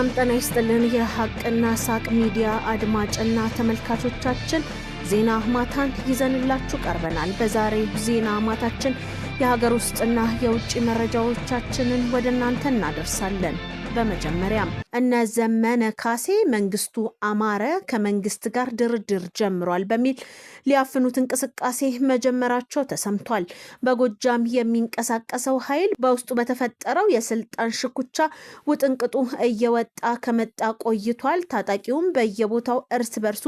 ሰላም ጠና ይስጥልን። የሀቅና ሳቅ ሚዲያ አድማጭና ተመልካቾቻችን ዜና ማታን ይዘንላችሁ ቀርበናል። በዛሬው ዜና ማታችን የሀገር ውስጥና የውጭ መረጃዎቻችንን ወደ እናንተ እናደርሳለን። በመጀመሪያም እነ ዘመነ ካሴ መንግስቱ አማረ ከመንግስት ጋር ድርድር ጀምሯል በሚል ሊያፍኑት እንቅስቃሴ መጀመራቸው ተሰምቷል። በጎጃም የሚንቀሳቀሰው ኃይል በውስጡ በተፈጠረው የስልጣን ሽኩቻ ውጥንቅጡ እየወጣ ከመጣ ቆይቷል። ታጣቂውም በየቦታው እርስ በርሱ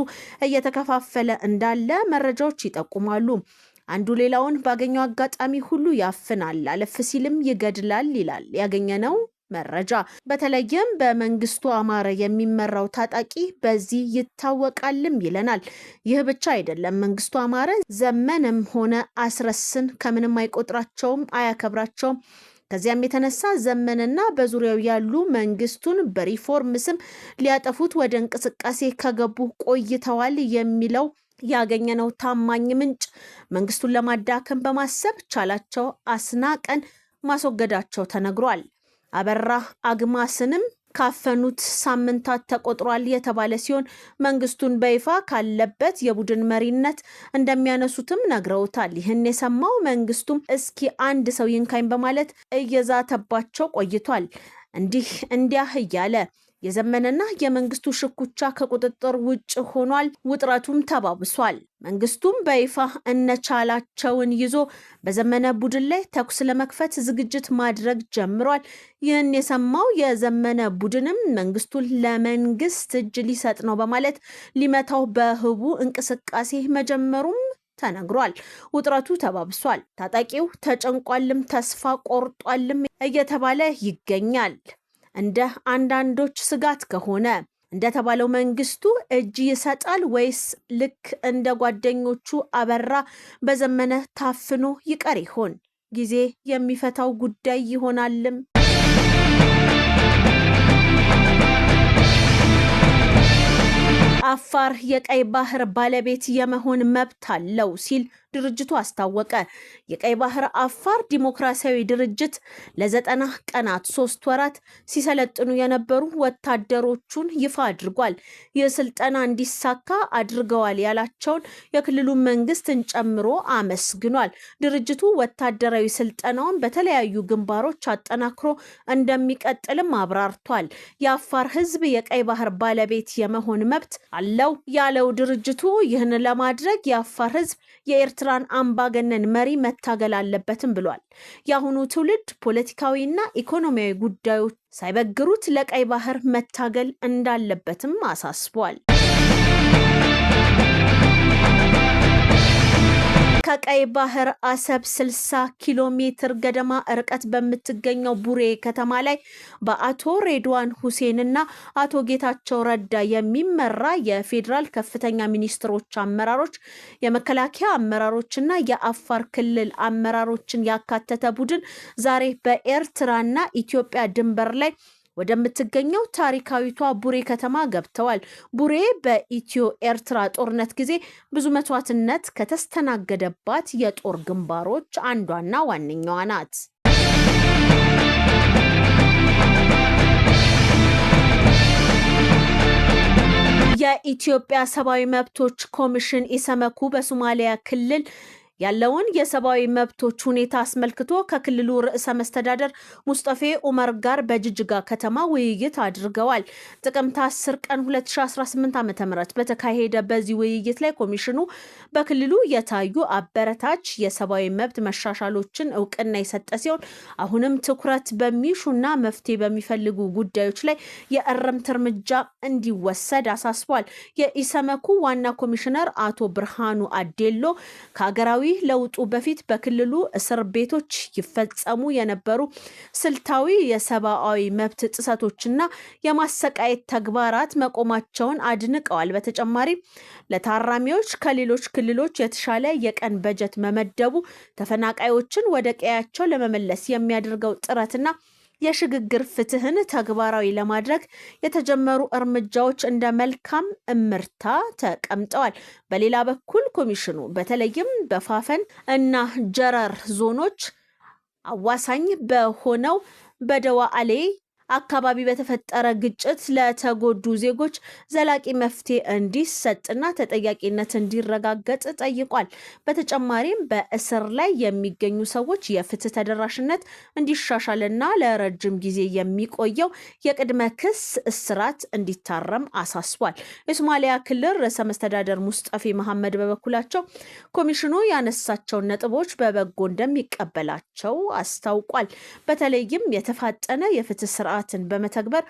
እየተከፋፈለ እንዳለ መረጃዎች ይጠቁማሉ። አንዱ ሌላውን ባገኘው አጋጣሚ ሁሉ ያፍናል፣ አለፍ ሲልም ይገድላል ይላል ያገኘነው መረጃ በተለይም በመንግስቱ አማረ የሚመራው ታጣቂ በዚህ ይታወቃልም ይለናል። ይህ ብቻ አይደለም። መንግስቱ አማረ ዘመንም ሆነ አስረስን ከምንም አይቆጥራቸውም፣ አያከብራቸውም። ከዚያም የተነሳ ዘመንና በዙሪያው ያሉ መንግስቱን በሪፎርም ስም ሊያጠፉት ወደ እንቅስቃሴ ከገቡ ቆይተዋል የሚለው ያገኘነው ታማኝ ምንጭ መንግስቱን ለማዳከም በማሰብ ቻላቸው አስናቀን ማስወገዳቸው ተነግሯል። አበራ አግማስንም ካፈኑት ሳምንታት ተቆጥሯል የተባለ ሲሆን መንግስቱን በይፋ ካለበት የቡድን መሪነት እንደሚያነሱትም ነግረውታል። ይህን የሰማው መንግስቱም እስኪ አንድ ሰው ይንካኝ በማለት እየዛተባቸው ቆይቷል። እንዲህ እንዲያህ እያለ የዘመነና የመንግስቱ ሽኩቻ ከቁጥጥር ውጭ ሆኗል። ውጥረቱም ተባብሷል። መንግስቱም በይፋ እነቻላቸውን ይዞ በዘመነ ቡድን ላይ ተኩስ ለመክፈት ዝግጅት ማድረግ ጀምሯል። ይህን የሰማው የዘመነ ቡድንም መንግስቱን ለመንግስት እጅ ሊሰጥ ነው በማለት ሊመታው በህቡ እንቅስቃሴ መጀመሩም ተነግሯል። ውጥረቱ ተባብሷል። ታጣቂው ተጨንቋልም ተስፋ ቆርጧልም እየተባለ ይገኛል። እንደ አንዳንዶች ስጋት ከሆነ እንደተባለው መንግስቱ እጅ ይሰጣል ወይስ ልክ እንደ ጓደኞቹ አበራ በዘመነ ታፍኖ ይቀር ይሆን? ጊዜ የሚፈታው ጉዳይ ይሆናልም። አፋር የቀይ ባህር ባለቤት የመሆን መብት አለው ሲል ድርጅቱ አስታወቀ። የቀይ ባህር አፋር ዲሞክራሲያዊ ድርጅት ለዘጠና ቀናት ሶስት ወራት ሲሰለጥኑ የነበሩ ወታደሮቹን ይፋ አድርጓል። ይህ ስልጠና እንዲሳካ አድርገዋል ያላቸውን የክልሉ መንግስትን ጨምሮ አመስግኗል። ድርጅቱ ወታደራዊ ስልጠናውን በተለያዩ ግንባሮች አጠናክሮ እንደሚቀጥልም አብራርቷል። የአፋር ህዝብ የቀይ ባህር ባለቤት የመሆን መብት አለው ያለው ድርጅቱ ይህን ለማድረግ የአፋር ህዝብ የኤርትራ የኤርትራን አምባገነን መሪ መታገል አለበትም ብሏል። የአሁኑ ትውልድ ፖለቲካዊና ኢኮኖሚያዊ ጉዳዮች ሳይበግሩት ለቀይ ባህር መታገል እንዳለበትም አሳስቧል። ከቀይ ባህር አሰብ 60 ኪሎ ሜትር ገደማ ርቀት በምትገኘው ቡሬ ከተማ ላይ በአቶ ሬድዋን ሁሴን እና አቶ ጌታቸው ረዳ የሚመራ የፌዴራል ከፍተኛ ሚኒስትሮች አመራሮች፣ የመከላከያ አመራሮችና የአፋር ክልል አመራሮችን ያካተተ ቡድን ዛሬ በኤርትራና ኢትዮጵያ ድንበር ላይ ወደምትገኘው ታሪካዊቷ ቡሬ ከተማ ገብተዋል። ቡሬ በኢትዮ ኤርትራ ጦርነት ጊዜ ብዙ መስዋዕትነት ከተስተናገደባት የጦር ግንባሮች አንዷና ዋነኛዋ ናት። የኢትዮጵያ ሰብአዊ መብቶች ኮሚሽን ኢሰመኩ በሶማሊያ ክልል ያለውን የሰብአዊ መብቶች ሁኔታ አስመልክቶ ከክልሉ ርዕሰ መስተዳደር ሙስጠፌ ኡመር ጋር በጅጅጋ ከተማ ውይይት አድርገዋል። ጥቅምት 10 ቀን 2018 ዓ ም በተካሄደ በዚህ ውይይት ላይ ኮሚሽኑ በክልሉ የታዩ አበረታች የሰብአዊ መብት መሻሻሎችን እውቅና የሰጠ ሲሆን አሁንም ትኩረት በሚሹና መፍትሄ በሚፈልጉ ጉዳዮች ላይ የእረምት እርምጃ እንዲወሰድ አሳስቧል። የኢሰመኩ ዋና ኮሚሽነር አቶ ብርሃኑ አዴሎ ከሀገራዊ ከዚህ ለውጡ በፊት በክልሉ እስር ቤቶች ይፈጸሙ የነበሩ ስልታዊ የሰብአዊ መብት ጥሰቶችና የማሰቃየት ተግባራት መቆማቸውን አድንቀዋል። በተጨማሪ ለታራሚዎች ከሌሎች ክልሎች የተሻለ የቀን በጀት መመደቡ ተፈናቃዮችን ወደ ቀያቸው ለመመለስ የሚያደርገው ጥረትና የሽግግር ፍትህን ተግባራዊ ለማድረግ የተጀመሩ እርምጃዎች እንደ መልካም እምርታ ተቀምጠዋል። በሌላ በኩል ኮሚሽኑ በተለይም በፋፈን እና ጀረር ዞኖች አዋሳኝ በሆነው በደዋ አሌ አካባቢ በተፈጠረ ግጭት ለተጎዱ ዜጎች ዘላቂ መፍትሄ እንዲሰጥና ተጠያቂነት እንዲረጋገጥ ጠይቋል። በተጨማሪም በእስር ላይ የሚገኙ ሰዎች የፍትህ ተደራሽነት እንዲሻሻልና ለረጅም ጊዜ የሚቆየው የቅድመ ክስ እስራት እንዲታረም አሳስቧል። የሶማሊያ ክልል ርዕሰ መስተዳደር ሙስጠፊ መሐመድ በበኩላቸው ኮሚሽኑ ያነሳቸውን ነጥቦች በበጎ እንደሚቀበላቸው አስታውቋል። በተለይም የተፋጠነ የፍትህ ስርዓት ስርዓትን በመተግበር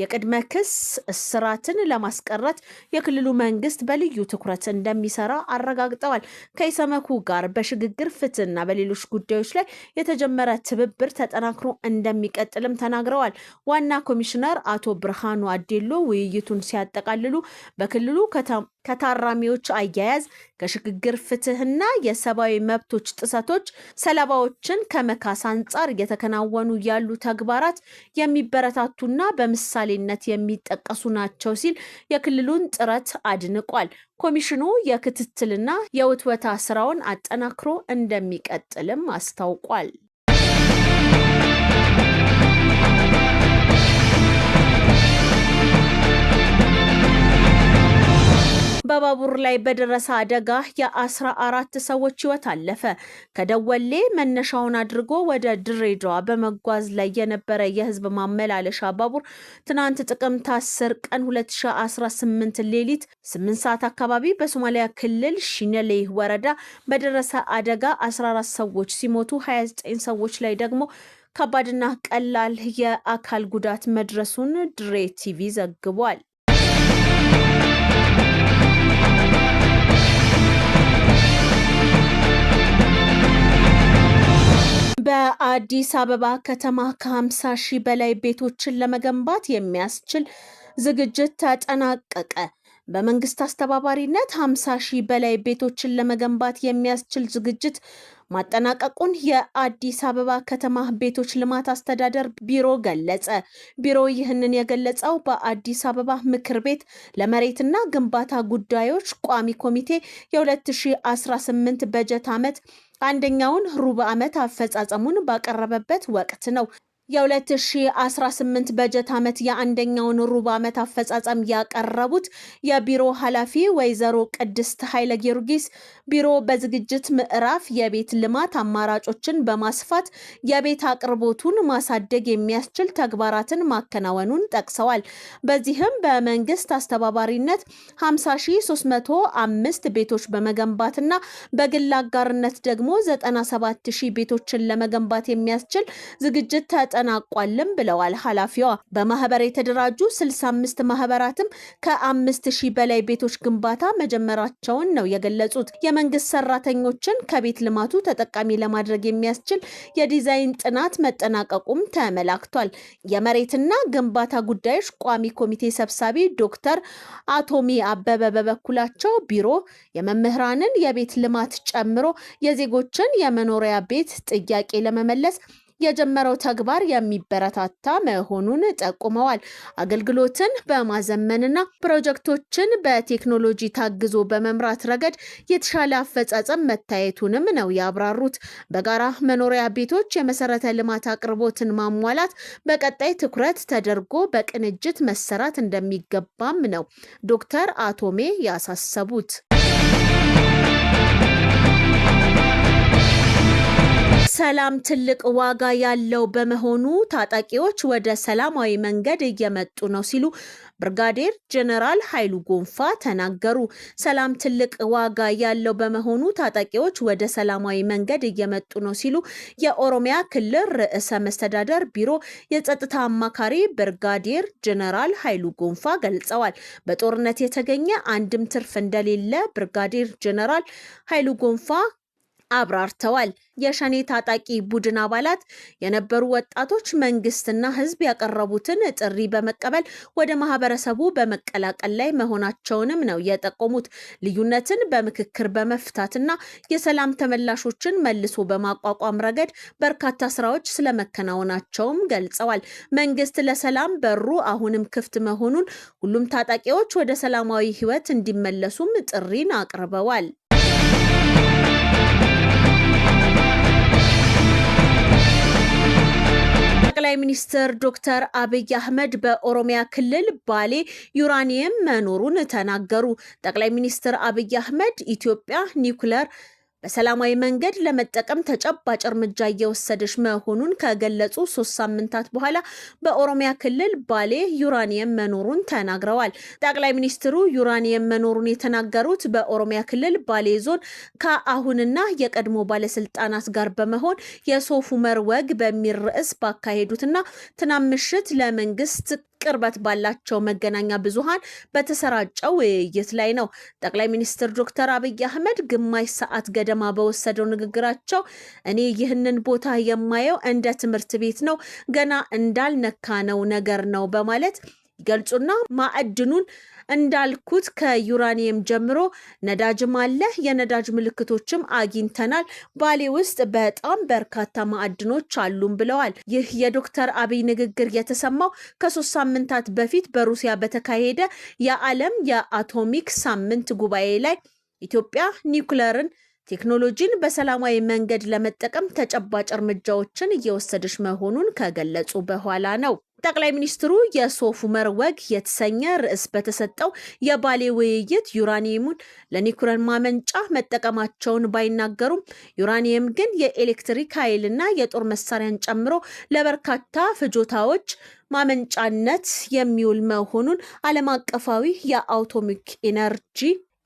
የቅድመ ክስ እስራትን ለማስቀረት የክልሉ መንግስት በልዩ ትኩረት እንደሚሰራ አረጋግጠዋል። ከኢሰመኩ ጋር በሽግግር ፍትህና በሌሎች ጉዳዮች ላይ የተጀመረ ትብብር ተጠናክሮ እንደሚቀጥልም ተናግረዋል። ዋና ኮሚሽነር አቶ ብርሃኑ አዴሎ ውይይቱን ሲያጠቃልሉ በክልሉ ከታራሚዎች አያያዝ ከሽግግር ፍትህና የሰብአዊ መብቶች ጥሰቶች ሰለባዎችን ከመካስ አንጻር እየተከናወኑ ያሉ ተግባራት የሚበረታቱና በምሳሌነት የሚጠቀሱ ናቸው ሲል የክልሉን ጥረት አድንቋል። ኮሚሽኑ የክትትልና የውትወታ ስራውን አጠናክሮ እንደሚቀጥልም አስታውቋል። በባቡር ላይ በደረሰ አደጋ የአስራ አራት ሰዎች ህይወት አለፈ። ከደወሌ መነሻውን አድርጎ ወደ ድሬዳዋ በመጓዝ ላይ የነበረ የህዝብ ማመላለሻ ባቡር ትናንት ጥቅምት 10 ቀን 2018 ሌሊት 8 ሰዓት አካባቢ በሶማሊያ ክልል ሽነሌ ወረዳ በደረሰ አደጋ 14 ሰዎች ሲሞቱ 29 ሰዎች ላይ ደግሞ ከባድና ቀላል የአካል ጉዳት መድረሱን ድሬ ቲቪ ዘግቧል። በአዲስ አበባ ከተማ ከ50 ሺህ በላይ ቤቶችን ለመገንባት የሚያስችል ዝግጅት ተጠናቀቀ። በመንግስት አስተባባሪነት 50 ሺህ በላይ ቤቶችን ለመገንባት የሚያስችል ዝግጅት ማጠናቀቁን የአዲስ አበባ ከተማ ቤቶች ልማት አስተዳደር ቢሮ ገለጸ። ቢሮ ይህንን የገለጸው በአዲስ አበባ ምክር ቤት ለመሬትና ግንባታ ጉዳዮች ቋሚ ኮሚቴ የ2018 በጀት ዓመት አንደኛውን ሩብ ዓመት አፈጻጸሙን ባቀረበበት ወቅት ነው። የ2018 በጀት ዓመት የአንደኛውን ሩብ ዓመት አፈጻጸም ያቀረቡት የቢሮ ኃላፊ ወይዘሮ ቅድስት ኃይለ ጊዮርጊስ ቢሮ በዝግጅት ምዕራፍ የቤት ልማት አማራጮችን በማስፋት የቤት አቅርቦቱን ማሳደግ የሚያስችል ተግባራትን ማከናወኑን ጠቅሰዋል። በዚህም በመንግስት አስተባባሪነት 50305 ቤቶች በመገንባትና በግል አጋርነት ደግሞ 97000 ቤቶችን ለመገንባት የሚያስችል ዝግጅት ተጠ ተጠናቋልም ብለዋል ኃላፊዋ። በማህበር የተደራጁ 65 ማህበራትም ከአምስት ሺህ በላይ ቤቶች ግንባታ መጀመራቸውን ነው የገለጹት። የመንግስት ሰራተኞችን ከቤት ልማቱ ተጠቃሚ ለማድረግ የሚያስችል የዲዛይን ጥናት መጠናቀቁም ተመላክቷል። የመሬትና ግንባታ ጉዳዮች ቋሚ ኮሚቴ ሰብሳቢ ዶክተር አቶሚ አበበ በበኩላቸው ቢሮ የመምህራንን የቤት ልማት ጨምሮ የዜጎችን የመኖሪያ ቤት ጥያቄ ለመመለስ የጀመረው ተግባር የሚበረታታ መሆኑን ጠቁመዋል። አገልግሎትን በማዘመንና ፕሮጀክቶችን በቴክኖሎጂ ታግዞ በመምራት ረገድ የተሻለ አፈጻጸም መታየቱንም ነው ያብራሩት። በጋራ መኖሪያ ቤቶች የመሰረተ ልማት አቅርቦትን ማሟላት በቀጣይ ትኩረት ተደርጎ በቅንጅት መሰራት እንደሚገባም ነው ዶክተር አቶሜ ያሳሰቡት። ሰላም ትልቅ ዋጋ ያለው በመሆኑ ታጣቂዎች ወደ ሰላማዊ መንገድ እየመጡ ነው ሲሉ ብርጋዴር ጀነራል ኃይሉ ጎንፋ ተናገሩ። ሰላም ትልቅ ዋጋ ያለው በመሆኑ ታጣቂዎች ወደ ሰላማዊ መንገድ እየመጡ ነው ሲሉ የኦሮሚያ ክልል ርዕሰ መስተዳደር ቢሮ የጸጥታ አማካሪ ብርጋዴር ጀነራል ኃይሉ ጎንፋ ገልጸዋል። በጦርነት የተገኘ አንድም ትርፍ እንደሌለ ብርጋዴር ጀነራል ኃይሉ ጎንፋ አብራርተዋል። የሸኔ ታጣቂ ቡድን አባላት የነበሩ ወጣቶች መንግስትና ህዝብ ያቀረቡትን ጥሪ በመቀበል ወደ ማህበረሰቡ በመቀላቀል ላይ መሆናቸውንም ነው የጠቆሙት። ልዩነትን በምክክር በመፍታትና የሰላም ተመላሾችን መልሶ በማቋቋም ረገድ በርካታ ስራዎች ስለመከናወናቸውም ገልጸዋል። መንግስት ለሰላም በሩ አሁንም ክፍት መሆኑን ሁሉም ታጣቂዎች ወደ ሰላማዊ ህይወት እንዲመለሱም ጥሪን አቅርበዋል። ሚኒስትር ዶክተር አብይ አህመድ በኦሮሚያ ክልል ባሌ ዩራኒየም መኖሩን ተናገሩ። ጠቅላይ ሚኒስትር አብይ አህመድ ኢትዮጵያ ኒውክለር በሰላማዊ መንገድ ለመጠቀም ተጨባጭ እርምጃ እየወሰደች መሆኑን ከገለጹ ሶስት ሳምንታት በኋላ በኦሮሚያ ክልል ባሌ ዩራኒየም መኖሩን ተናግረዋል። ጠቅላይ ሚኒስትሩ ዩራኒየም መኖሩን የተናገሩት በኦሮሚያ ክልል ባሌ ዞን ከአሁንና የቀድሞ ባለስልጣናት ጋር በመሆን የሶፍ ዑመር ወግ በሚል ርዕስ ባካሄዱትና ትናንት ምሽት ለመንግስት ቅርበት ባላቸው መገናኛ ብዙሃን በተሰራጨው ውይይት ላይ ነው። ጠቅላይ ሚኒስትር ዶክተር አብይ አህመድ ግማሽ ሰዓት ገደማ በወሰደው ንግግራቸው እኔ ይህንን ቦታ የማየው እንደ ትምህርት ቤት ነው፣ ገና እንዳልነካ ነው ነገር ነው በማለት ገልጹና ማዕድኑን እንዳልኩት ከዩራኒየም ጀምሮ ነዳጅም አለ። የነዳጅ ምልክቶችም አግኝተናል። ባሌ ውስጥ በጣም በርካታ ማዕድኖች አሉም ብለዋል። ይህ የዶክተር አብይ ንግግር የተሰማው ከሶስት ሳምንታት በፊት በሩሲያ በተካሄደ የዓለም የአቶሚክ ሳምንት ጉባኤ ላይ ኢትዮጵያ ኒውክለርን ቴክኖሎጂን በሰላማዊ መንገድ ለመጠቀም ተጨባጭ እርምጃዎችን እየወሰደች መሆኑን ከገለጹ በኋላ ነው። ጠቅላይ ሚኒስትሩ የሶፍ ዑመር ወግ የተሰኘ ርዕስ በተሰጠው የባሌ ውይይት ዩራኒየሙን ለኒኩለር ማመንጫ መጠቀማቸውን ባይናገሩም ዩራኒየም ግን የኤሌክትሪክ ኃይልና የጦር መሳሪያን ጨምሮ ለበርካታ ፍጆታዎች ማመንጫነት የሚውል መሆኑን ዓለም አቀፋዊ የአቶሚክ ኢነርጂ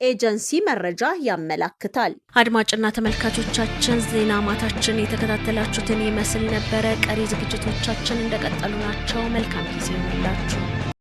ኤጀንሲ መረጃ ያመላክታል። አድማጭና ተመልካቾቻችን ዜና ማታችን የተከታተላችሁትን ይመስል ነበረ። ቀሪ ዝግጅቶቻችን እንደቀጠሉ ናቸው። መልካም ጊዜ ይሁንላችሁ።